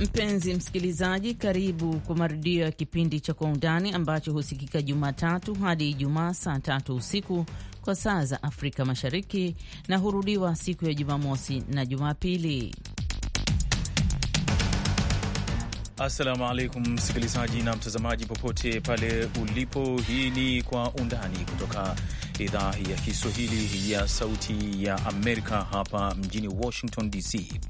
Mpenzi msikilizaji, karibu kwa marudio ya kipindi cha Kwa Undani ambacho husikika Jumatatu hadi Ijumaa saa tatu usiku kwa saa za Afrika Mashariki na hurudiwa siku ya Jumamosi na Jumapili. Assalamu alaikum msikilizaji na mtazamaji, popote pale ulipo, hii ni Kwa Undani kutoka idhaa ya Kiswahili ya Sauti ya Amerika hapa mjini Washington DC,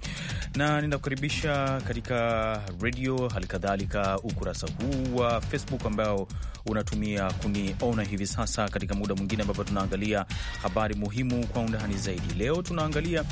na ninakukaribisha katika redio, halikadhalika ukurasa huu wa Facebook ambao unatumia kuniona hivi sasa, katika muda mwingine ambapo tunaangalia habari muhimu kwa undani zaidi. Leo tunaangalia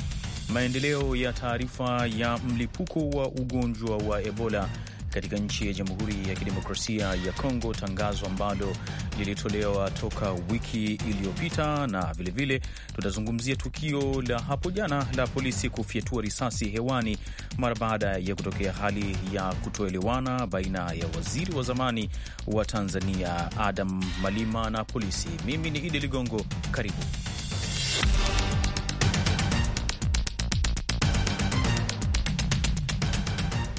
maendeleo ya taarifa ya mlipuko wa ugonjwa wa Ebola katika nchi ya Jamhuri ya Kidemokrasia ya Kongo, tangazo ambalo lilitolewa toka wiki iliyopita, na vilevile tutazungumzia tukio la hapo jana la polisi kufyatua risasi hewani mara baada ya kutokea hali ya kutoelewana baina ya waziri wa zamani wa Tanzania Adam Malima na polisi. Mimi ni Idi Ligongo, karibu.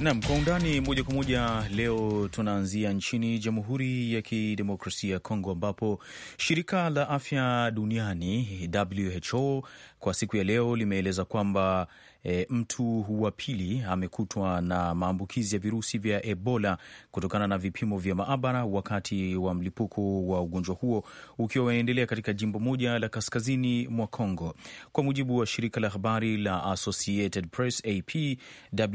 Nam kwa undani moja kwa moja. Leo tunaanzia nchini Jamhuri ya Kidemokrasia ya Kongo, ambapo shirika la afya duniani WHO kwa siku ya leo limeeleza kwamba e, mtu wa pili amekutwa na maambukizi ya virusi vya Ebola kutokana na vipimo vya maabara wakati wa mlipuko wa ugonjwa huo ukiwa unaendelea katika jimbo moja la kaskazini mwa congo Kwa mujibu wa shirika la habari la Associated Press AP,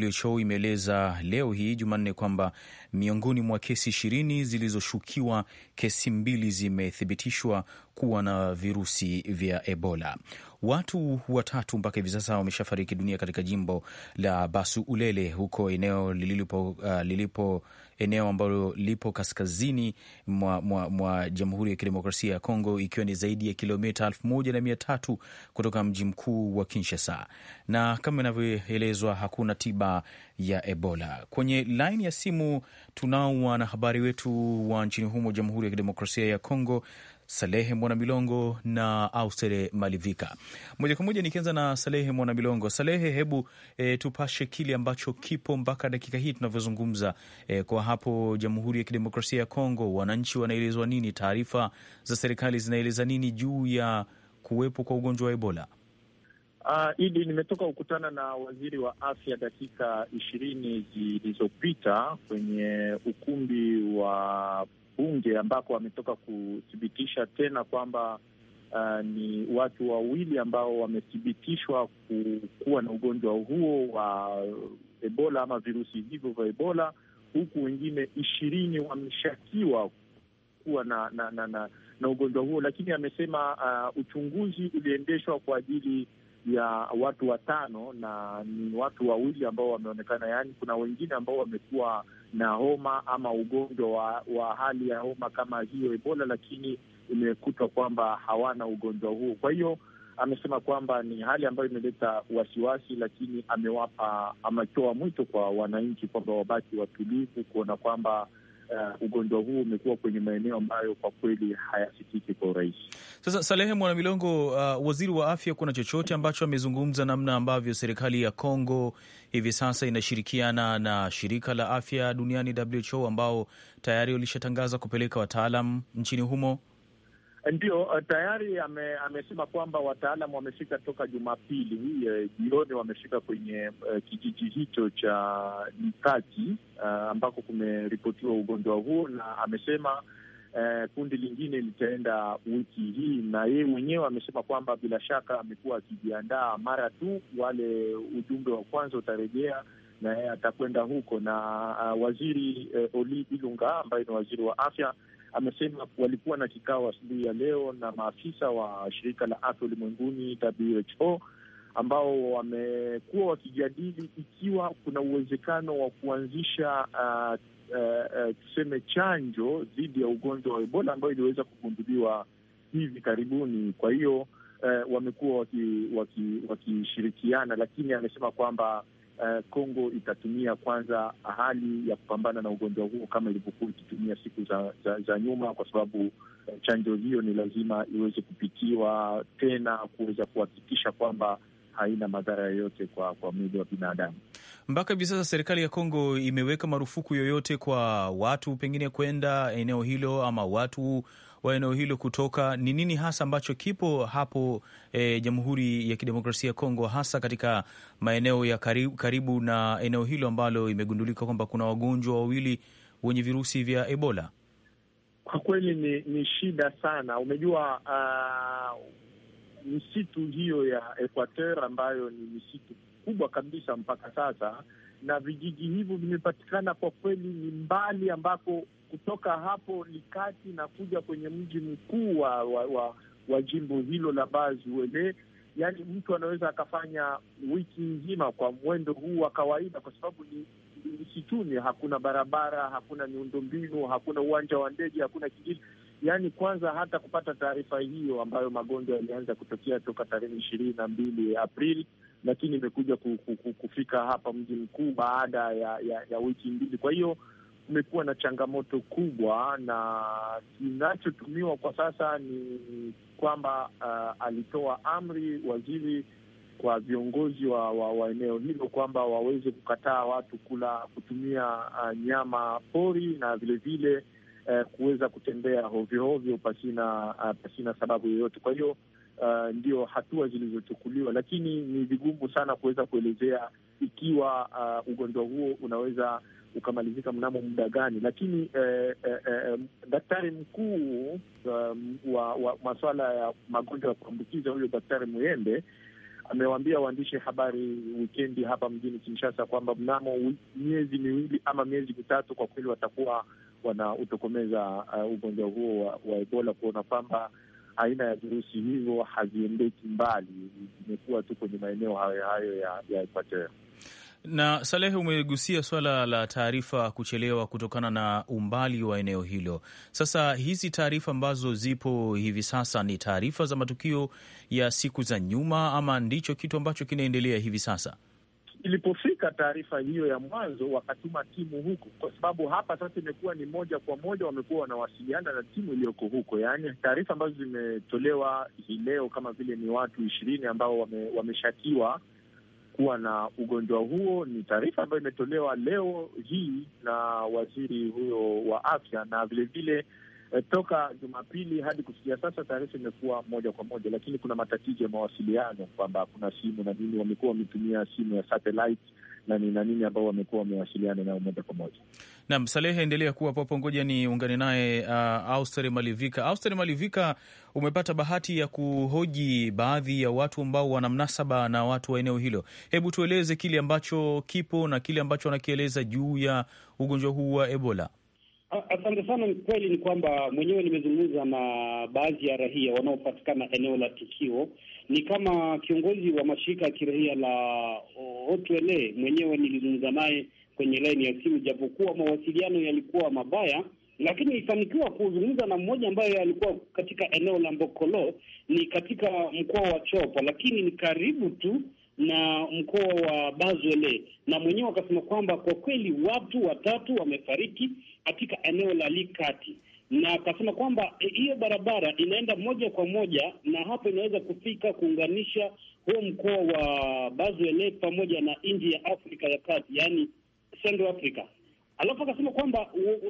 WHO imeeleza leo hii Jumanne kwamba Miongoni mwa kesi ishirini zilizoshukiwa, kesi mbili zimethibitishwa kuwa na virusi vya Ebola. Watu watatu mpaka hivi sasa wameshafariki dunia katika jimbo la Basu Ulele, huko eneo lilipo, uh, lilipo eneo ambalo lipo kaskazini mwa, mwa, mwa Jamhuri ya Kidemokrasia ya Kongo, ikiwa ni zaidi ya kilomita elfu moja na mia tatu kutoka mji mkuu wa Kinshasa, na kama inavyoelezwa hakuna tiba ya Ebola. Kwenye laini ya simu tunao wanahabari wetu wa nchini humo Jamhuri ya Kidemokrasia ya Kongo Salehe Mwanamilongo na Austere Malivika. Moja kwa moja nikianza na Salehe Mwanamilongo. Salehe, hebu e, tupashe kile ambacho kipo mpaka dakika hii tunavyozungumza, e, kwa hapo Jamhuri ya Kidemokrasia ya Kongo, wananchi wanaelezwa nini? Taarifa za serikali zinaeleza nini juu ya kuwepo kwa ugonjwa wa Ebola? Uh, Idi, nimetoka kukutana na waziri wa afya dakika ishirini zilizopita kwenye ukumbi wa bunge ambako ametoka kuthibitisha tena kwamba uh, ni watu wawili ambao wamethibitishwa kuwa na ugonjwa huo wa Ebola ama virusi hivyo vya Ebola, huku wengine ishirini wameshakiwa kuwa na na, na, na, na ugonjwa huo, lakini amesema uh, uchunguzi uliendeshwa kwa ajili ya watu watano na ni watu wawili ambao wameonekana, yaani kuna wengine ambao wamekuwa na homa ama ugonjwa wa, wa hali ya homa kama hiyo Ebola, lakini imekutwa kwamba hawana ugonjwa huo. Kwa hiyo amesema kwamba ni hali ambayo imeleta wasiwasi, lakini amewapa ametoa mwito kwa wananchi kwamba wabaki watulivu, kuona kwamba uh, ugonjwa huu umekuwa kwenye maeneo ambayo kwa kweli hayafikiki kwa urahisi. Sasa Salehe Mwana Milongo, uh, waziri wa afya, kuna chochote ambacho amezungumza namna ambavyo serikali ya Kongo hivi sasa inashirikiana na shirika la afya duniani WHO, ambao tayari walishatangaza kupeleka wataalam nchini humo? Ndio, eh, tayari ame, amesema kwamba wataalam wamefika toka Jumapili eh, jioni, wamefika kwenye uh, kijiji hicho cha Nikati uh, ambako kumeripotiwa ugonjwa huo, na amesema uh, kundi lingine litaenda wiki hii, na yeye mwenyewe amesema kwamba bila shaka amekuwa akijiandaa, mara tu wale ujumbe wa kwanza utarejea na yeye atakwenda huko na uh, waziri uh, Oli Ilunga ambaye ni waziri wa afya amesema walikuwa na kikao asubuhi ya leo na maafisa wa shirika la afya ulimwenguni WHO ambao wamekuwa wakijadili ikiwa kuna uwezekano wa kuanzisha uh, uh, uh, tuseme chanjo dhidi ya ugonjwa wa Ebola ambayo iliweza kugunduliwa hivi karibuni. Kwa hiyo uh, wamekuwa wakishirikiana waki, waki, lakini amesema kwamba Eh, Kongo uh, itatumia kwanza hali ya kupambana na ugonjwa huo kama ilivyokuwa ikitumia siku za, za, za nyuma, kwa sababu uh, chanjo hiyo ni lazima iweze kupitiwa tena kuweza kuhakikisha kwamba haina madhara yoyote kwa, kwa mwili wa binadamu. Mpaka hivi sasa serikali ya Kongo imeweka marufuku yoyote kwa watu pengine kwenda eneo hilo ama watu wa eneo hilo kutoka. Ni nini hasa ambacho kipo hapo e, Jamhuri ya Kidemokrasia ya Kongo, hasa katika maeneo ya karibu, karibu na eneo hilo ambalo imegundulika kwamba kuna wagonjwa wawili wenye virusi vya Ebola? Kwa kweli ni, ni shida sana. Umejua uh, misitu hiyo ya Equateur ambayo ni misitu kubwa kabisa mpaka sasa na vijiji hivyo vimepatikana kwa kweli ni mbali, ambapo kutoka hapo ni kati na kuja kwenye mji mkuu wa, wa, wa, wa jimbo hilo la Bazuele. yani mtu anaweza akafanya wiki nzima kwa mwendo huu wa kawaida, kwa sababu ni msituni, hakuna barabara, hakuna miundombinu, hakuna uwanja wa ndege, hakuna kijiji. yani kwanza hata kupata taarifa hiyo ambayo magonjwa yalianza kutokea toka tarehe ishirini na mbili Aprili, lakini imekuja kufika hapa mji mkuu baada ya, ya, ya wiki mbili. Kwa hiyo kumekuwa na changamoto kubwa, na kinachotumiwa kwa sasa ni kwamba uh, alitoa amri waziri kwa viongozi wa, wa, wa eneo hilo kwamba waweze kukataa watu kula kutumia uh, nyama pori na vilevile uh, kuweza kutembea hovyohovyo pasina, uh, pasina sababu yoyote. Kwa hiyo uh, ndio hatua zilizochukuliwa, lakini ni vigumu sana kuweza kuelezea ikiwa uh, ugonjwa huo unaweza ukamalizika mnamo muda gani, lakini eh, eh, eh, daktari mkuu um, wa, wa masuala ya magonjwa ya kuambukiza huyo Daktari Muyembe amewaambia waandishi habari wikendi hapa mjini Kinshasa kwamba mnamo miezi miwili ama miezi mitatu kwa kweli watakuwa wanautokomeza uh, ugonjwa huo wa, wa Ebola, kuona kwamba aina ya virusi hivyo haziendeki mbali, imekuwa tu kwenye maeneo hayo hayo ya, ya na Salehe, umegusia swala la taarifa kuchelewa kutokana na umbali wa eneo hilo. Sasa hizi taarifa ambazo zipo hivi sasa ni taarifa za matukio ya siku za nyuma, ama ndicho kitu ambacho kinaendelea hivi sasa? Ilipofika taarifa hiyo ya mwanzo, wakatuma timu huko, kwa sababu hapa sasa imekuwa ni moja kwa moja, wamekuwa wanawasiliana na timu iliyoko huko. Yaani taarifa ambazo zimetolewa hii leo kama vile ni watu ishirini ambao wame, wameshakiwa kuwa na ugonjwa huo. Ni taarifa ambayo imetolewa leo hii na waziri huyo wa afya, na vilevile eh, toka Jumapili hadi kufikia sasa taarifa imekuwa moja kwa moja, lakini kuna matatizo ya mawasiliano kwamba kuna simu na nini, wamekuwa wametumia simu ya satellite na ni na nini ambao wamekuwa wamewasiliana nao moja kwa moja. Naam, Salehe, endelea kuwa popo. Ngoja ni ungane naye uh, Auster Malivika. Auster Malivika, umepata bahati ya kuhoji baadhi ya watu ambao wana mnasaba na watu wa eneo hilo. Hebu tueleze kile ambacho kipo na kile ambacho wanakieleza juu ya ugonjwa huu wa Ebola. Asante sana. Ni kweli ni kwamba mwenyewe nimezungumza na baadhi ya raia wanaopatikana eneo la tukio ni kama kiongozi wa mashirika ya kiraia la Otwele mwenyewe nilizungumza naye kwenye laini ya simu, japokuwa mawasiliano yalikuwa mabaya, lakini ifanikiwa kuzungumza na mmoja ambaye alikuwa katika eneo la Mbokolo, ni katika mkoa wa chopa lakini ni karibu tu na mkoa wa Bazwele, na mwenyewe akasema kwamba kwa kweli watu watatu wamefariki katika eneo la Likati na akasema kwamba eh, hiyo barabara inaenda moja kwa moja na hapo inaweza kufika kuunganisha huo mkoa wa Bazwele pamoja na nji ya Afrika ya Kati, yani Central Africa. Alafu akasema kwamba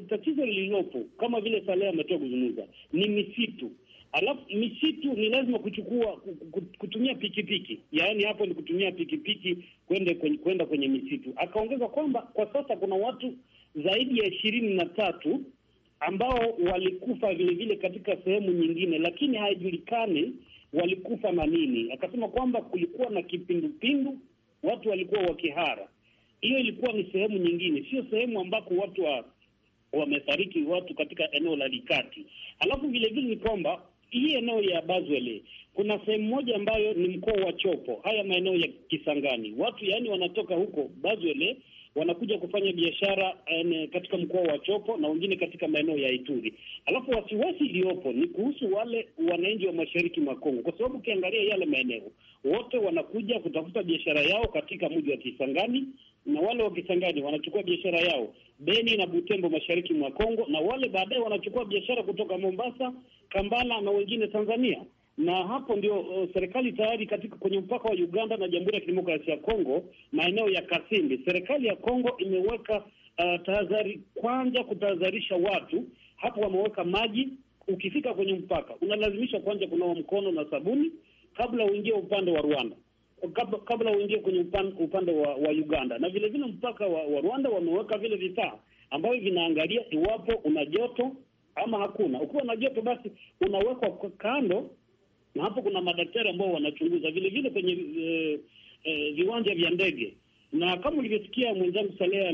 tatizo lililopo kama vile Saleh ametoa kuzungumza ni misitu. Alafu misitu ni lazima kuchukua kutumia pikipiki, yaani hapo ni kutumia pikipiki kwenda kwenye, kwenye misitu. Akaongeza kwamba kwa sasa kuna watu zaidi ya ishirini na tatu ambao walikufa vile vile katika sehemu nyingine, lakini haijulikani walikufa na nini. Akasema kwamba kulikuwa na kipindupindu, watu walikuwa wakihara. Hiyo ilikuwa ni sehemu nyingine, sio sehemu ambako watu wa wamefariki watu katika eneo la Likati. Alafu vile vile ni kwamba hii eneo ya Bazwele kuna sehemu moja ambayo ni mkoa wa Chopo, haya maeneo ya Kisangani, watu yaani wanatoka huko Bazwele wanakuja kufanya biashara eh, katika mkoa wa Chopo na wengine katika maeneo ya Ituri. Alafu wasiwasi iliyopo ni kuhusu wale wananchi wa mashariki mwa Kongo, kwa sababu ukiangalia yale maeneo wote wanakuja kutafuta biashara yao katika mji wa Kisangani na wale wa Kisangani wanachukua biashara yao Beni na Butembo, mashariki mwa Kongo, na wale baadaye wanachukua biashara kutoka Mombasa, Kambala na wengine Tanzania na hapo ndio uh, serikali tayari katika kwenye mpaka wa Uganda na Jamhuri ya Kidemokrasia ya Kongo, maeneo ya Kasindi, serikali ya Kongo imeweka uh, tahadhari kwanza, kutahadharisha watu hapo. Wameweka maji, ukifika kwenye mpaka unalazimishwa kwanza kunawa mkono na sabuni kabla uingie upande wa Rwanda, kabla, kabla uingie kwenye upande, upande wa, wa Uganda. Na vile vile mpaka wa, wa Rwanda wameweka vile vifaa ambavyo vinaangalia iwapo una joto ama hakuna. Ukiwa na joto, basi unawekwa kando na hapo kuna madaktari ambao wanachunguza vile vile kwenye e, e, viwanja vya ndege. Na kama ulivyosikia mwenzangu Salehe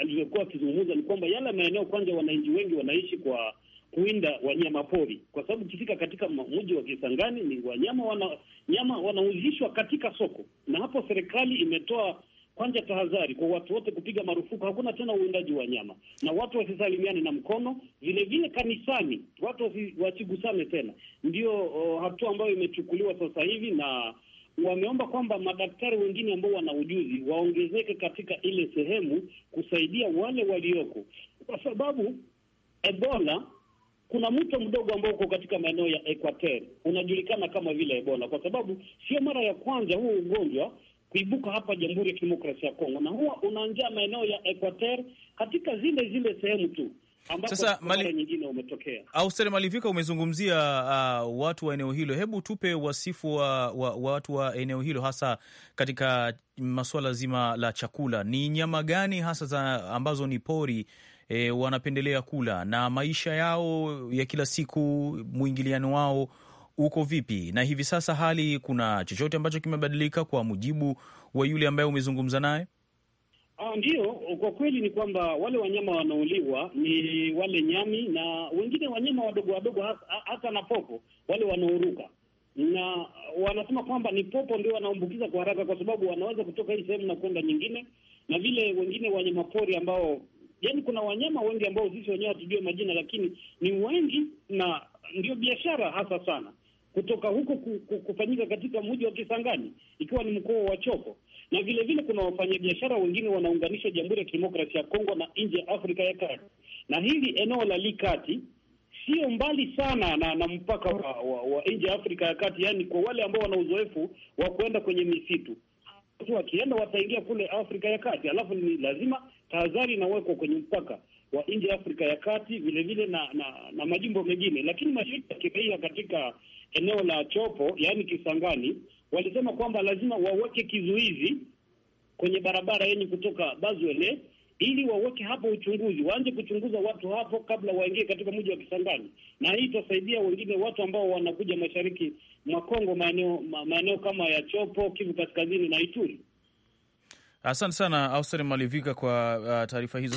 alivyokuwa akizungumza, ni kwamba yale maeneo kwanza, wananchi wengi wanaishi kwa kuinda wanyama pori, kwa sababu ukifika katika mji wa Kisangani ni wanyama wana, nyama wanauzishwa katika soko, na hapo serikali imetoa kwanza tahadhari kwa watu wote, kupiga marufuku, hakuna tena uwindaji wa nyama, na watu wasisalimiane na mkono. Vile vile kanisani watu wasigusane tena, ndio uh, hatua ambayo imechukuliwa sasa hivi, na wameomba kwamba madaktari wengine ambao wana ujuzi waongezeke katika ile sehemu kusaidia wale walioko, kwa sababu Ebola kuna mto mdogo ambao uko katika maeneo ya Equateur unajulikana kama vile Ebola, kwa sababu sio mara ya kwanza huu ugonjwa kuibuka hapa Jamhuri ya Kidemokrasia ya Kongo, na huwa unaanzia maeneo ya Equateur katika zile zile sehemu tu sasa mali... nyingine umetokea Auster Malivika, umezungumzia uh, watu wa eneo hilo. Hebu tupe wasifu wa, wa, wa watu wa eneo hilo, hasa katika masuala zima la chakula. Ni nyama gani hasa za ambazo ni pori e, wanapendelea kula, na maisha yao ya kila siku, mwingiliano wao uko vipi, na hivi sasa hali, kuna chochote ambacho kimebadilika kwa mujibu wa yule ambaye umezungumza naye? Ah, ndio, kwa kweli ni kwamba wale wanyama wanaoliwa ni wale nyami na wengine wanyama wadogo wadogo, hasa na popo wale wanaoruka, na wanasema kwamba ni popo ndio wanaambukiza kwa haraka, kwa sababu wanaweza kutoka hii sehemu na kwenda nyingine, na vile wengine wanyama pori ambao, yani kuna wanyama wengi ambao sisi wenyewe hatujue majina, lakini ni wengi na ndio biashara hasa sana kutoka huko kufanyika katika mji wa Kisangani, ikiwa ni mkoa wa Chopo, na vile vile kuna wafanyabiashara wengine wanaunganisha Jamhuri ya Kidemokrasia ya Kongo na nje ya Afrika ya Kati, na hili eneo la Likati sio mbali sana na, na mpaka wa, wa, wa nje ya Afrika ya Kati, yaani kwa wale ambao wana uzoefu wa kuenda kwenye misitu tu wakienda wataingia kule Afrika ya Kati. Alafu ni lazima tahadhari inawekwa kwenye mpaka wa nje ya Afrika ya Kati vile vile na, na, na majimbo mengine, lakini mashirika ya kiraia katika eneo la Chopo, yaani Kisangani, walisema kwamba lazima waweke kizuizi kwenye barabara yenye kutoka Bazwele ili waweke hapo uchunguzi, waanze kuchunguza watu hapo kabla waingie katika mji wa Kisangani, na hii itasaidia wengine watu ambao wanakuja mashariki mwa Kongo, maeneo maeneo kama ya Chopo, Kivu Kaskazini na Ituri. Asante sana Auster Malivika kwa uh, taarifa hizo.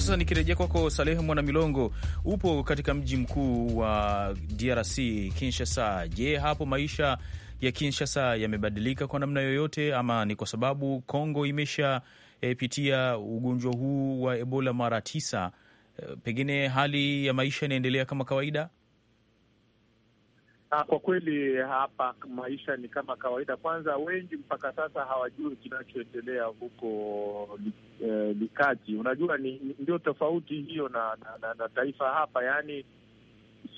Sasa nikirejea kwako Salehe Mwana Milongo, upo katika mji mkuu wa DRC Kinshasa. Je, hapo maisha ya Kinshasa yamebadilika kwa namna yoyote, ama ni kwa sababu Kongo imeshapitia e, ugonjwa huu wa Ebola mara tisa, e, pengine hali ya maisha inaendelea kama kawaida? Kwa kweli hapa maisha ni kama kawaida. Kwanza wengi mpaka sasa hawajui kinachoendelea huko eh, Likati. Unajua ni ndio tofauti hiyo na, na, na, na taifa hapa, yaani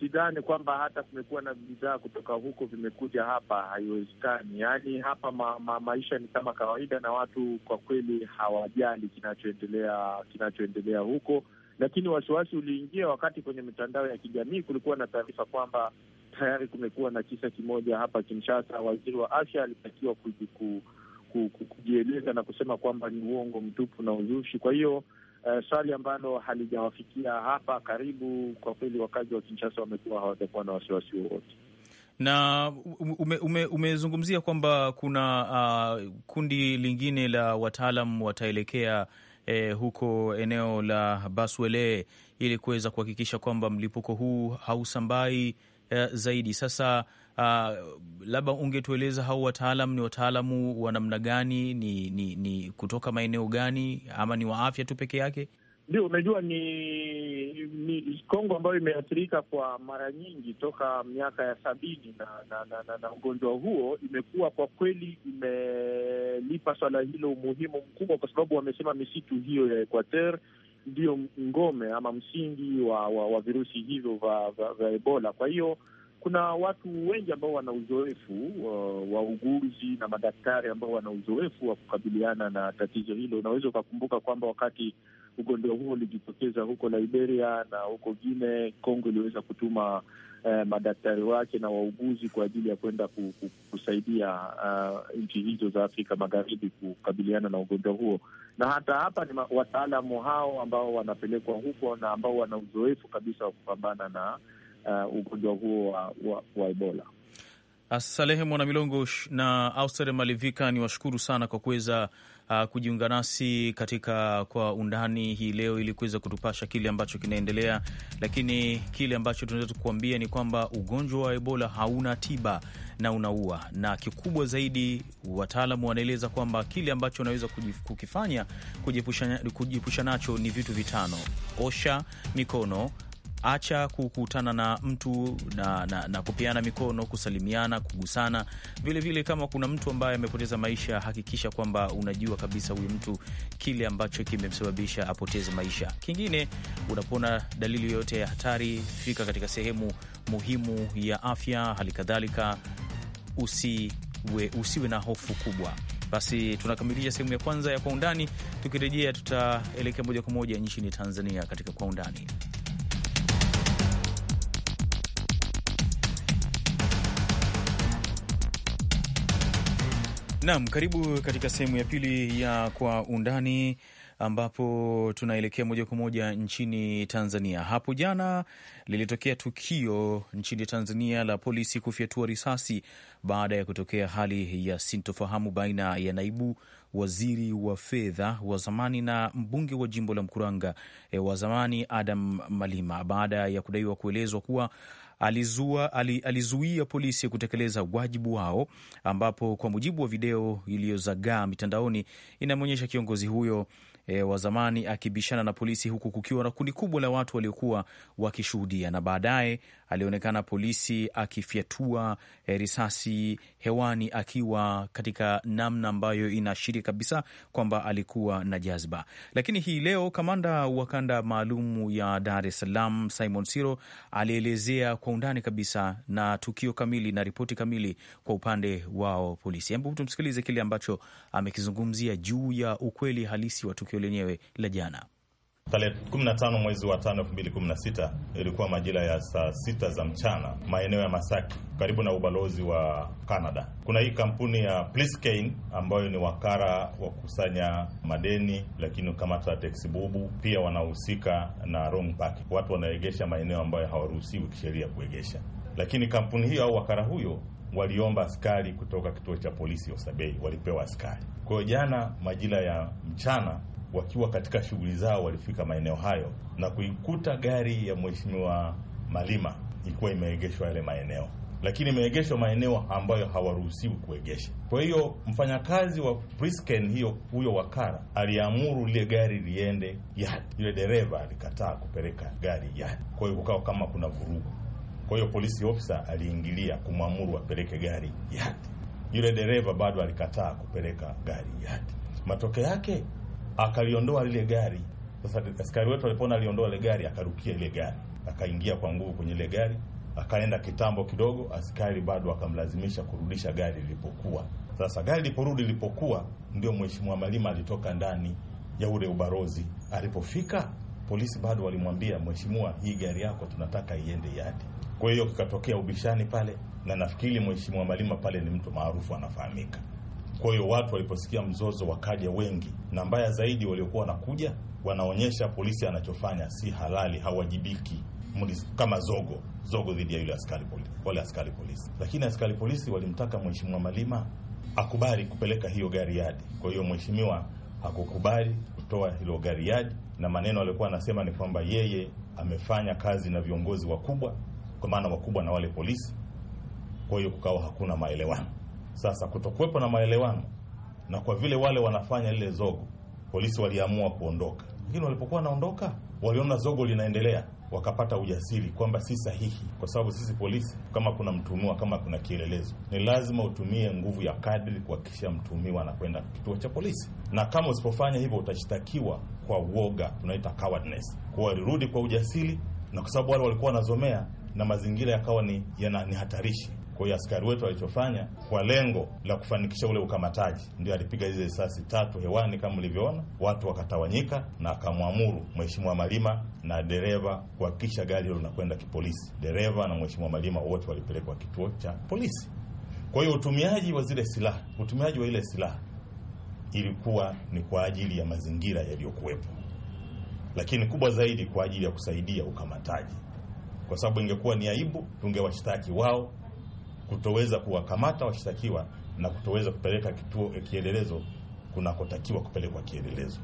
sidhani kwamba hata kumekuwa na bidhaa kutoka huko vimekuja hapa, haiwezekani. Yaani hapa ma, ma, maisha ni kama kawaida, na watu kwa kweli hawajali kinachoendelea kinachoendelea huko lakini wasiwasi uliingia wakati kwenye mitandao ya kijamii kulikuwa na taarifa kwamba tayari kumekuwa na kisa kimoja hapa Kinshasa. Waziri wa afya alitakiwa kujieleza na kusema kwamba ni uongo mtupu na uzushi. Kwa hiyo uh, swali ambalo halijawafikia hapa karibu, kwa kweli wakazi wa Kinshasa wamekuwa hawajakuwa na wasiwasi wowote na umezungumzia ume, ume kwamba kuna uh, kundi lingine la wataalam wataelekea eh, huko eneo la Baswele ili kuweza kuhakikisha kwamba mlipuko huu hausambai eh, zaidi. Sasa uh, labda ungetueleza hao wataalam ni wataalamu wa namna gani? Ni, ni, ni kutoka maeneo gani ama ni wa afya tu peke yake? Ndio, unajua ni, ni Kongo ambayo imeathirika kwa mara nyingi toka miaka ya sabini na, na, na, na, na ugonjwa huo, imekuwa kwa kweli imelipa swala hilo umuhimu mkubwa, kwa sababu wamesema misitu hiyo ya Equateur ndiyo ngome ama msingi wa, wa, wa virusi hivyo vya Ebola. Kwa hiyo kuna watu wengi ambao wana uzoefu wa uguzi na madaktari ambao wana uzoefu wa kukabiliana na tatizo hilo. Unaweza ukakumbuka kwamba wakati ugonjwa huo ulijitokeza huko Liberia na huko Guinea. Kongo iliweza kutuma eh, madaktari wake na wauguzi kwa ajili ya kwenda ku, ku, kusaidia uh, nchi hizo za Afrika Magharibi kukabiliana na ugonjwa huo, na hata hapa ni wataalamu hao ambao wanapelekwa huko na ambao wana uzoefu kabisa wa kupambana na uh, ugonjwa huo wa, wa, wa Ebola. Salehe Mwanamilongo na Auster Malivika, ni washukuru sana kwa kuweza uh, kujiunga nasi katika kwa undani hii leo ili kuweza kutupasha kile ambacho kinaendelea, lakini kile ambacho tunaweza tukuambia ni kwamba ugonjwa wa Ebola hauna tiba na unaua, na kikubwa zaidi wataalamu wanaeleza kwamba kile ambacho unaweza kukifanya kujiepusha nacho ni vitu vitano: osha mikono acha kukutana na mtu na, na, na kupeana mikono, kusalimiana, kugusana. Vilevile, kama kuna mtu ambaye amepoteza maisha, hakikisha kwamba unajua kabisa huyu mtu kile ambacho kimemsababisha apoteze maisha. Kingine, unapona dalili yoyote ya hatari, fika katika sehemu muhimu ya afya. Hali kadhalika usiwe, usiwe na hofu kubwa. Basi tunakamilisha sehemu ya kwanza ya Kwa Undani. Tukirejea tutaelekea moja kwa moja nchini Tanzania katika Kwa Undani. Naam, karibu katika sehemu ya pili ya Kwa Undani, ambapo tunaelekea moja kwa moja nchini Tanzania. Hapo jana lilitokea tukio nchini Tanzania la polisi kufyatua risasi baada ya kutokea hali ya sintofahamu baina ya naibu waziri wa fedha wa zamani na mbunge wa jimbo la Mkuranga e, wa zamani Adam Malima baada ya kudaiwa kuelezwa kuwa alizua, alizuia polisi kutekeleza wajibu wao, ambapo kwa mujibu wa video iliyozagaa mitandaoni inamwonyesha kiongozi huyo E, wa zamani akibishana na polisi huku kukiwa na kundi kubwa la watu waliokuwa wakishuhudia, na baadaye alionekana polisi akifyatua eh, risasi hewani akiwa katika namna ambayo inaashiria kabisa kwamba alikuwa na jazba. Lakini hii leo kamanda wa kanda maalum ya Dar es Salaam Simon Siro alielezea kwa undani kabisa na tukio kamili na ripoti kamili kwa upande wao polisi. Hebu tumsikilize kile ambacho amekizungumzia juu ya ukweli halisi wa tukio lenyewe la jana. Tarehe 15 mwezi wa 5 2016, ilikuwa majira ya saa sita za mchana maeneo ya Masaki karibu na ubalozi wa Canada. Kuna hii kampuni ya Pliskane ambayo ni wakara wa kukusanya madeni, lakini ukamata teksibubu pia wanahusika na wrong parking, watu wanaegesha maeneo ambayo hawaruhusiwi kisheria kuegesha. Lakini kampuni hiyo au wakara huyo waliomba askari kutoka kituo cha polisi Osabei, walipewa askari. Kwa hiyo jana majira ya mchana wakiwa katika shughuli zao walifika maeneo hayo na kuikuta gari ya mheshimiwa Malima ilikuwa imeegeshwa yale maeneo, lakini imeegeshwa maeneo ambayo hawaruhusiwi kuegesha. Kwa hiyo mfanyakazi wa Prisken hiyo huyo wakara aliamuru lile gari liende yadi, yule dereva alikataa kupeleka gari yadi, kwa hiyo kukawa kama kuna vurugu. Kwa hiyo polisi ofisa aliingilia kumwamuru apeleke gari yadi, yule dereva bado alikataa kupeleka gari yadi. Matokeo yake akaliondoa lile gari. Sasa askari wetu alipoona aliondoa ile gari, akarukia ile gari, akaingia kwa nguvu kwenye ile gari, akaenda kitambo kidogo, askari bado akamlazimisha kurudisha gari lilipokuwa. Sasa gari liporudi lilipokuwa, ndio mheshimiwa Malima alitoka ndani ya ule ubarozi. Alipofika polisi bado walimwambia mheshimiwa, hii gari yako tunataka iende yadi. Kwa hiyo kikatokea ubishani pale, na nafikiri mheshimiwa Malima pale ni mtu maarufu, anafahamika. Kwa hiyo watu waliposikia mzozo wakaja wengi, na mbaya zaidi waliokuwa wanakuja wanaonyesha polisi anachofanya si halali, hawajibiki kama zogo zogo dhidi ya yule askari polisi, wale askari polisi. Lakini askari polisi walimtaka Mheshimiwa Malima akubali kupeleka hiyo gari yadi. Kwa hiyo mheshimiwa hakukubali kutoa hilo gari yadi, na maneno aliokuwa anasema ni kwamba yeye amefanya kazi na viongozi wakubwa, kwa maana wakubwa na wale polisi. Kwa hiyo kukawa hakuna maelewano. Sasa kutokuwepo na maelewano, na kwa vile wale wanafanya lile zogo, polisi waliamua kuondoka, lakini walipokuwa wanaondoka, waliona zogo linaendelea wakapata ujasiri kwamba si sahihi, kwa sababu sisi polisi, kama kuna mtumiwa, kama kuna kielelezo, ni lazima utumie nguvu ya kadri kuhakikisha mtumiwa anakwenda kituo cha polisi, na kama usipofanya hivyo utashtakiwa kwa uoga, tunaita cowardness. Kwa walirudi kwa ujasiri, na kwa sababu wale walikuwa wanazomea na mazingira yakawa ni, ni hatarishi kwa hiyo askari wetu walichofanya kwa lengo la kufanikisha ule ukamataji, ndio alipiga hizo risasi tatu hewani kama mlivyoona, watu wakatawanyika, na akamwamuru Mheshimiwa Malima na dereva kuhakikisha gari hilo linakwenda kipolisi. Dereva na Mheshimiwa Malima wote walipelekwa kituo cha polisi. Kwa hiyo utumiaji wa zile silaha, utumiaji wa ile silaha ilikuwa ni kwa ajili ya mazingira yaliyokuwepo, lakini kubwa zaidi kwa ajili ya kusaidia ukamataji, kwa sababu ingekuwa ni aibu tungewashtaki wao kutoweza kuwakamata washtakiwa na kutoweza kupeleka kituo eh, kielelezo kunakotakiwa kupelekwa kielelezo.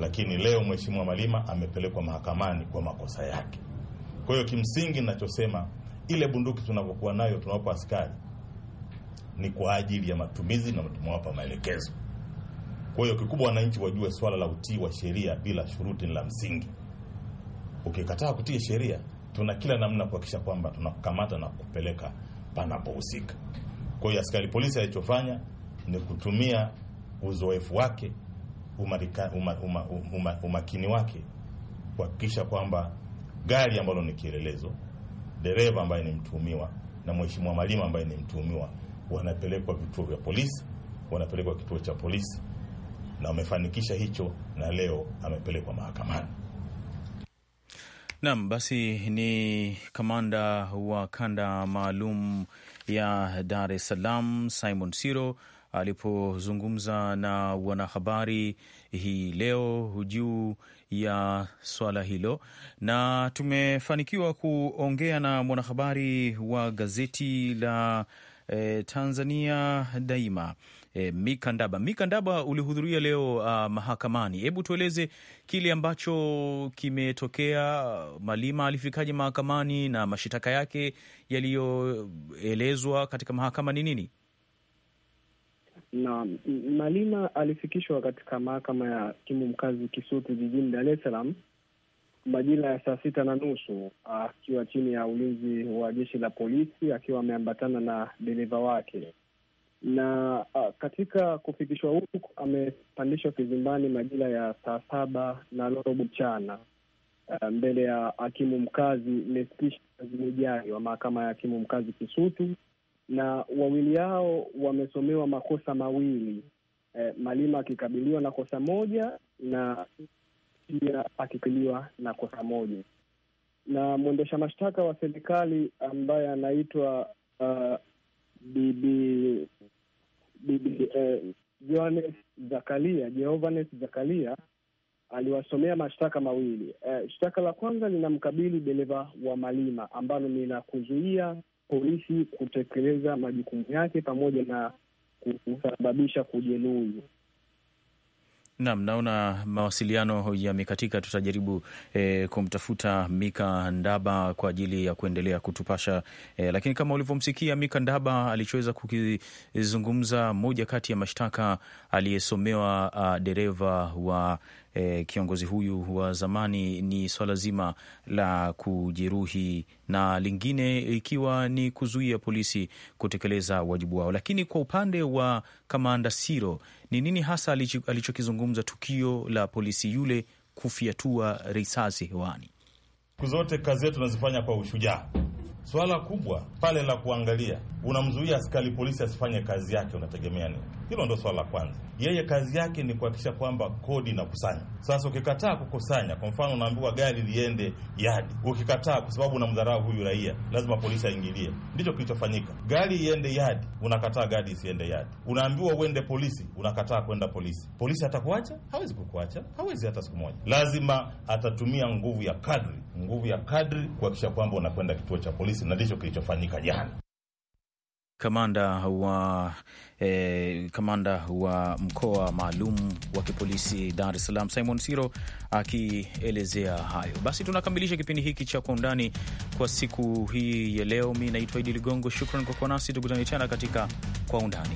Lakini leo Mheshimiwa Malima amepelekwa mahakamani kwa makosa yake. Kwa hiyo kimsingi, ninachosema ile bunduki tunavyokuwa nayo tunawapa askari ni kwa ajili ya matumizi na tumewapa maelekezo. Kwa hiyo kikubwa, wananchi wajue swala la utii wa sheria bila shuruti ni la msingi. Ukikataa kutii sheria, tuna kila namna kuhakikisha kwamba tunakukamata na kukupeleka panapohusika. Kwa hiyo askari polisi alichofanya ni kutumia uzoefu wake, umakini uma, uma, uma, uma wake kuhakikisha kwamba gari ambalo ni kielelezo, dereva ambaye ni mtuhumiwa na mheshimiwa Malima ambaye ni mtuhumiwa wanapelekwa vituo vya polisi, wanapelekwa kituo cha polisi na wamefanikisha hicho, na leo amepelekwa mahakamani. Nam basi, ni kamanda wa kanda maalum ya Dar es Salaam Simon Siro alipozungumza na wanahabari hii leo juu ya swala hilo, na tumefanikiwa kuongea na mwanahabari wa gazeti la eh, Tanzania Daima e, Mika Ndaba. Mika Ndaba, ulihudhuria leo uh, mahakamani. Hebu tueleze kile ambacho kimetokea. Malima alifikaje mahakamani na mashitaka yake yaliyoelezwa katika mahakama ni nini? Na Malima alifikishwa katika mahakama ya kimu mkazi Kisutu jijini Dar es Salaam majira ya saa sita na nusu akiwa chini ya ulinzi wa jeshi la polisi akiwa ameambatana na dereva wake na uh, katika kufikishwa huku amepandishwa kizimbani majira ya saa saba na robo mchana uh, mbele ya hakimu mkazi Lespisha wa mahakama ya hakimu mkazi Kisutu, na wawili hao wamesomewa makosa mawili uh, Malima akikabiliwa na kosa moja na pia akikabiliwa na kosa moja na mwendesha mashtaka wa serikali ambaye anaitwa uh, Bibi bibi mm. eh, Johannes Zakaria, Jehovanes Zakaria aliwasomea mashtaka mawili. Eh, shtaka la kwanza linamkabili dereva wa Malima ambalo ni la kuzuia polisi kutekeleza majukumu yake pamoja na kusababisha kujeruhi. Naam, naona mawasiliano yamekatika. Tutajaribu e, kumtafuta Mika Ndaba kwa ajili ya kuendelea kutupasha e, lakini kama ulivyomsikia Mika Ndaba alichoweza kukizungumza, moja kati ya mashtaka aliyesomewa ah, dereva wa eh, kiongozi huyu wa zamani ni swala zima la kujeruhi na lingine ikiwa ni kuzuia polisi kutekeleza wajibu wao. Lakini kwa upande wa kamanda Siro, ni nini hasa alichokizungumza tukio la polisi yule kufyatua risasi hewani? Siku zote kazi yetu tunazifanya kwa ushujaa. Swala kubwa pale la kuangalia, unamzuia askari polisi asifanye kazi yake, unategemea nini? Hilo ndo swala la kwanza. Yeye kazi yake ni kuhakikisha kwamba kodi inakusanya. Sasa ukikataa kukusanya, kwa mfano unaambiwa gari liende yadi, ukikataa kwa sababu unamdharau huyu raia, lazima polisi aingilie. Ndicho kilichofanyika, gari iende yadi, unakataa gari isiende yadi. Unaambiwa uende polisi, unakataa kwenda polisi. Polisi atakuacha? Hawezi kukuacha, hawezi hata siku moja. Lazima atatumia nguvu ya kadri, nguvu ya kadri kuhakikisha kwamba unakwenda kituo cha polisi, na ndicho kilichofanyika jana. Kamanda wa eh, kamanda wa mkoa maalum wa kipolisi Dar es Salaam Simon Siro akielezea hayo. Basi tunakamilisha kipindi hiki cha Kwa Undani kwa siku hii ya leo. Mi naitwa Idi Ligongo, shukran kwa kuwa nasi. Tukutane tena katika Kwa Undani.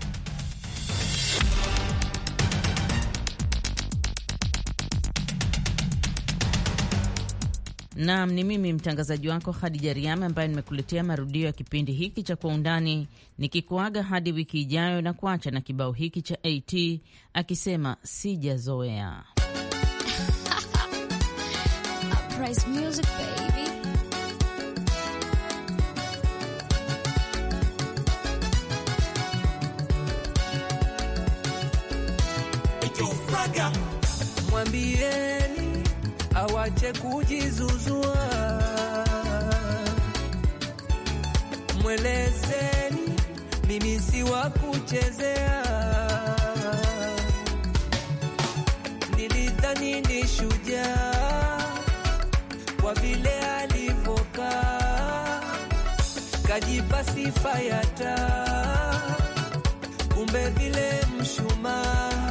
Naam, ni mimi mtangazaji wako Hadija Riame ambaye nimekuletea marudio ya kipindi hiki cha Kwa Undani, nikikuaga hadi wiki ijayo na kuacha na kibao hiki cha AT akisema sijazoea. wache kujizuzua, mwelezeni mimi si wa kuchezea. Nilidhani ni shujaa kwa vile alivyokaa, kajipa sifa ya taa, kumbe vile mshumaa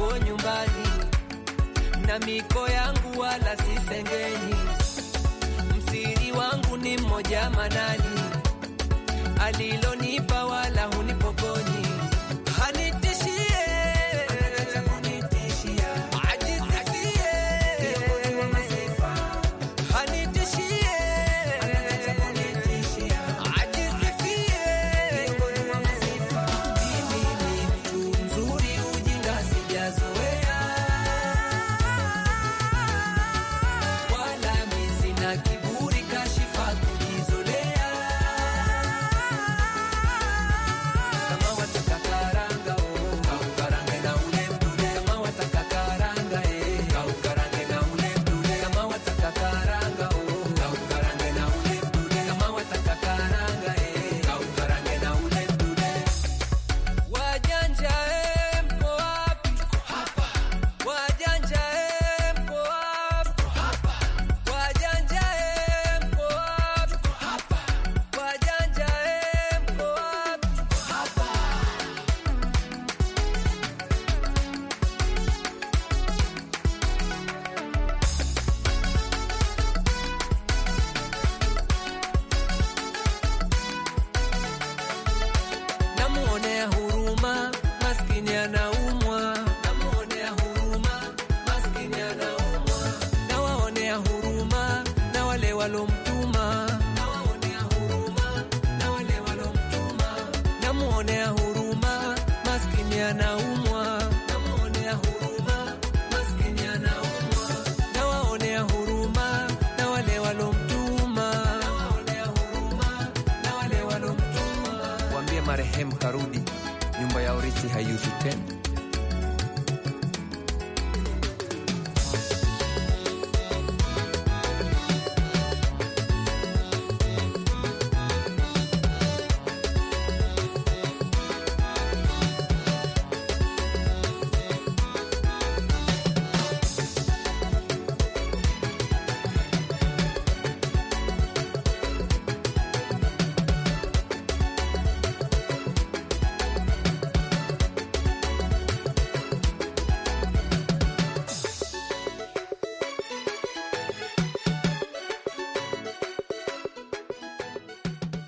niko nyumbani na miko yangu wala sisengeni msiri wangu ni mmoja manani marehemu karudi, nyumba ya urithi haiuzwi tena.